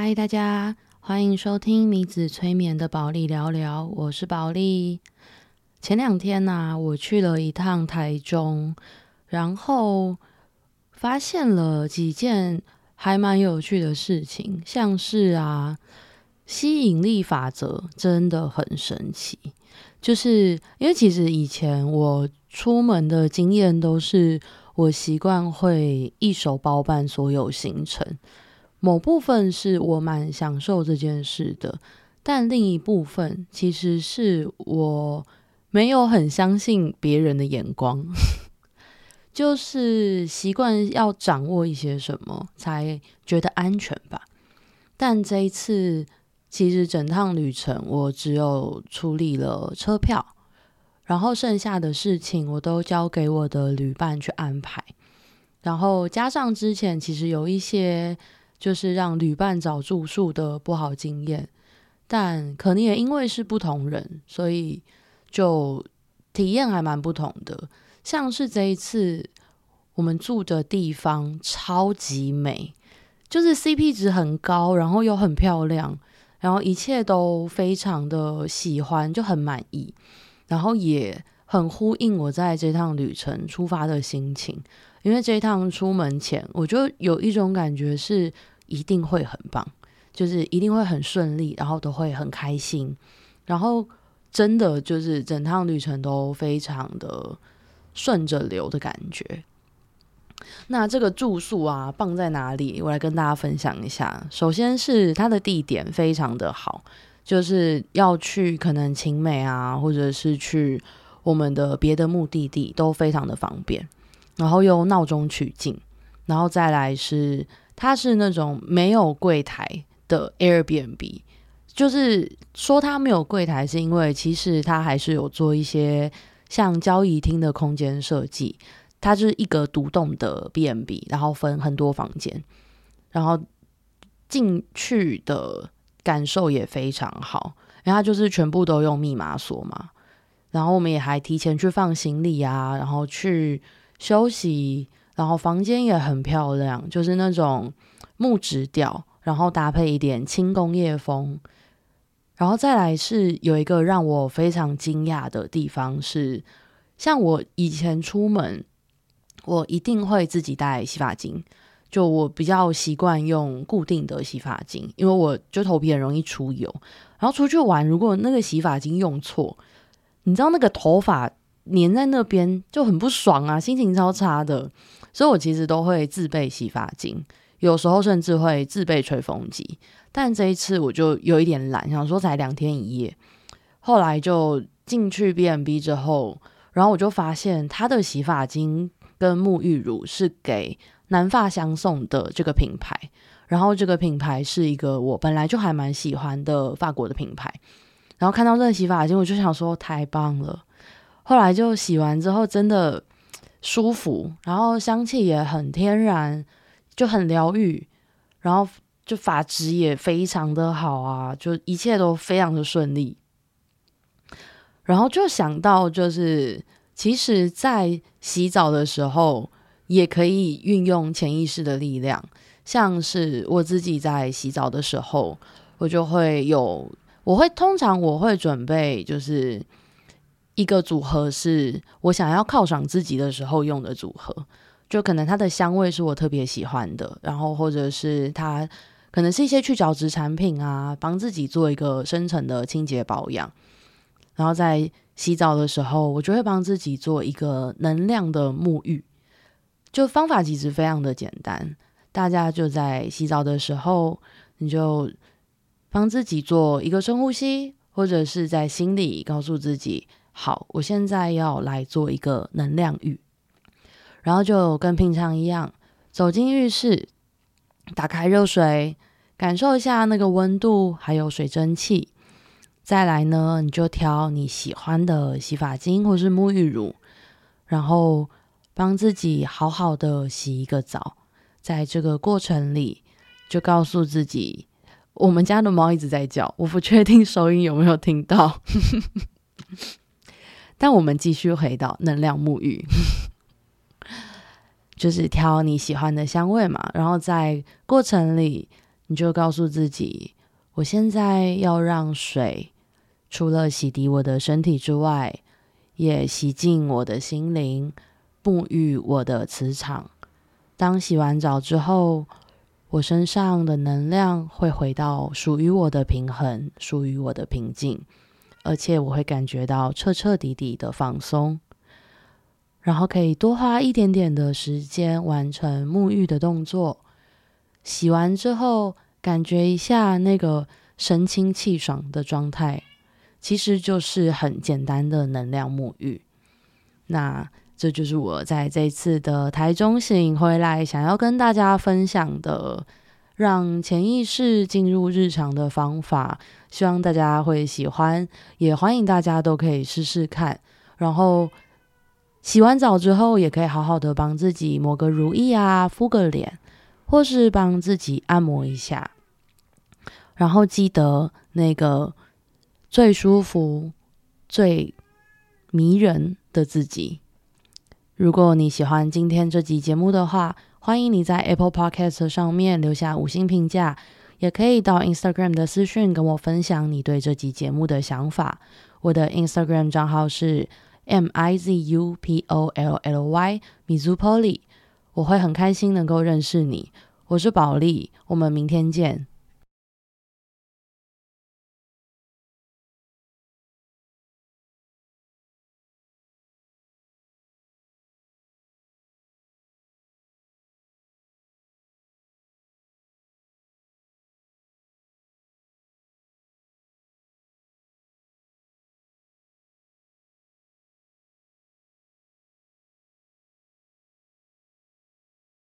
嗨，Hi，大家歡迎收聽米子催眠的保利聊聊，我是保利。前兩天呢，啊，我去了一趟台中，然後發現了幾件還蠻有趣的事情，像是啊，吸引力法則真的很神奇。就是因為其實以前我出門的經驗都是我習慣會一手包辦所有行程。某部分是我蠻享受這件事的，但另一部分其實是我沒有很相信別人的眼光， 就是習慣要掌握一些什麼才覺得安全吧。但這一次，其實整趟旅程我只有處理了車票，然後剩下的事情我都交給我的旅伴去安排，然後加上之前其實有一些。就是讓旅伴找住宿的不好經驗，但可能也因為是不同人，所以就體驗還蠻不同的。像是這一次我們住的地方超級美，就是 CP 值很高，然後又很漂亮，然後一切都非常的喜歡，就很滿意，然後也很呼應我在這趟旅程出發的心情。因為這一趟出門前，我就有一種感覺是一定會很棒，就是一定會很順利，然後都會很開心，然後真的就是整趟旅程都非常的順着流的感覺。那這個住宿啊，棒在哪裡？我來跟大家分享一下。首先是它的地點非常的好，就是要去可能勤美啊，或者是去我們的別的目的地，都非常的方便。然後又鬧中取靜，然後再來是，它是那種沒有櫃檯的 Airbnb，就是說它沒有櫃檯，是因為其實它還是有做一些像交誼廳的空間設計，它是一個獨棟的 BnB，然後分很多房間，然後進去的感受也非常好，然後它就是全部都用密碼鎖嘛，然後我們也還提前去放行李啊，然後去休息，然後房間也很漂亮，就是那種木質調，然後搭配一點輕工業風。然後再來是有一個讓我非常驚訝的地方是，像我以前出門，我一定會自己帶洗髮精，就我比較習慣用固定的洗髮精，因為我就頭皮很容易出油。然後出去玩，如果那個洗髮精用錯，你知道那個頭髮。黏在那邊就很不爽啊，心情超差的，所以我其實都會自備洗髮精，有時候甚至會自備吹風機。但這一次我就有一點懶，想說才兩天一夜，後來就進去 B&B 之後，然後我就發現他的洗髮精跟沐浴乳是給南法香頌的這個品牌，然後這個品牌是一個我本來就還蠻喜歡的法國的品牌，然後看到這個洗髮精，我就想說太棒了。後來就洗完之後真的舒服，然後香氣也很天然，就很療癒，然後就髮質也非常的好啊，就一切都非常的順利。然後就想到，就是其實，在洗澡的時候也可以運用潛意識的力量。像是我自己在洗澡的時候，我就會有，我會通常我會準備就是。一個組合是我想要犒賞自己的時候用的組合，就可能它的香味是我特別喜歡的，然後或者是它可能是一些去角質產品啊，幫自己做一個深層的清潔保養。然後在洗澡的時候，我就會幫自己做一個能量的沐浴。就方法其實非常的簡單，大家就在洗澡的時候，你就幫自己做一個深呼吸，或者是在心裡告訴自己。好，我現在要來做一個能量浴，然後就跟平常一樣，走進浴室，打開熱水，感受一下那個溫度，還有水蒸氣。再來呢，你就挑你喜歡的洗髮精或是沐浴乳，然後幫自己好好的洗一個澡。在這個過程裡，就告訴自己，我們家的貓一直在叫，我不確定收音有沒有聽到。 但我們繼續回到能量沐浴， 就是挑你喜歡的香味嘛，然後在過程裡，你就告訴自己，我現在要讓水除了洗滌我的身體之外，也洗淨我的心靈，沐浴我的磁場。當洗完澡之後，我身上的能量會回到屬於我的平衡，屬於我的平靜。而且我會感覺到徹徹底底的放鬆，然後可以多花一點點的時間完成沐浴的動作。洗完之後，感覺一下那個神清氣爽的狀態，其實就是很簡單的能量沐浴。那這就是我在這次的台中行回來想要跟大家分享的。讓潛意識進入日常的方法，希望大家會喜歡，也歡迎大家都可以試試看。然後洗完澡之後，也可以好好的幫自己抹個乳液啊，敷個臉，或是幫自己按摩一下。然後記得那個最舒服、最迷人的自己。如果你喜歡今天這集節目的話，歡迎你在 Apple Podcast 上面留下五星評價，也可以到 Instagram 的私訊跟我分享你對這集節目的想法。我的 Instagram 賬號是 m i z u p o l l y 米祖波利，我會很開心能夠認識你。我是寶莉，我們明天見。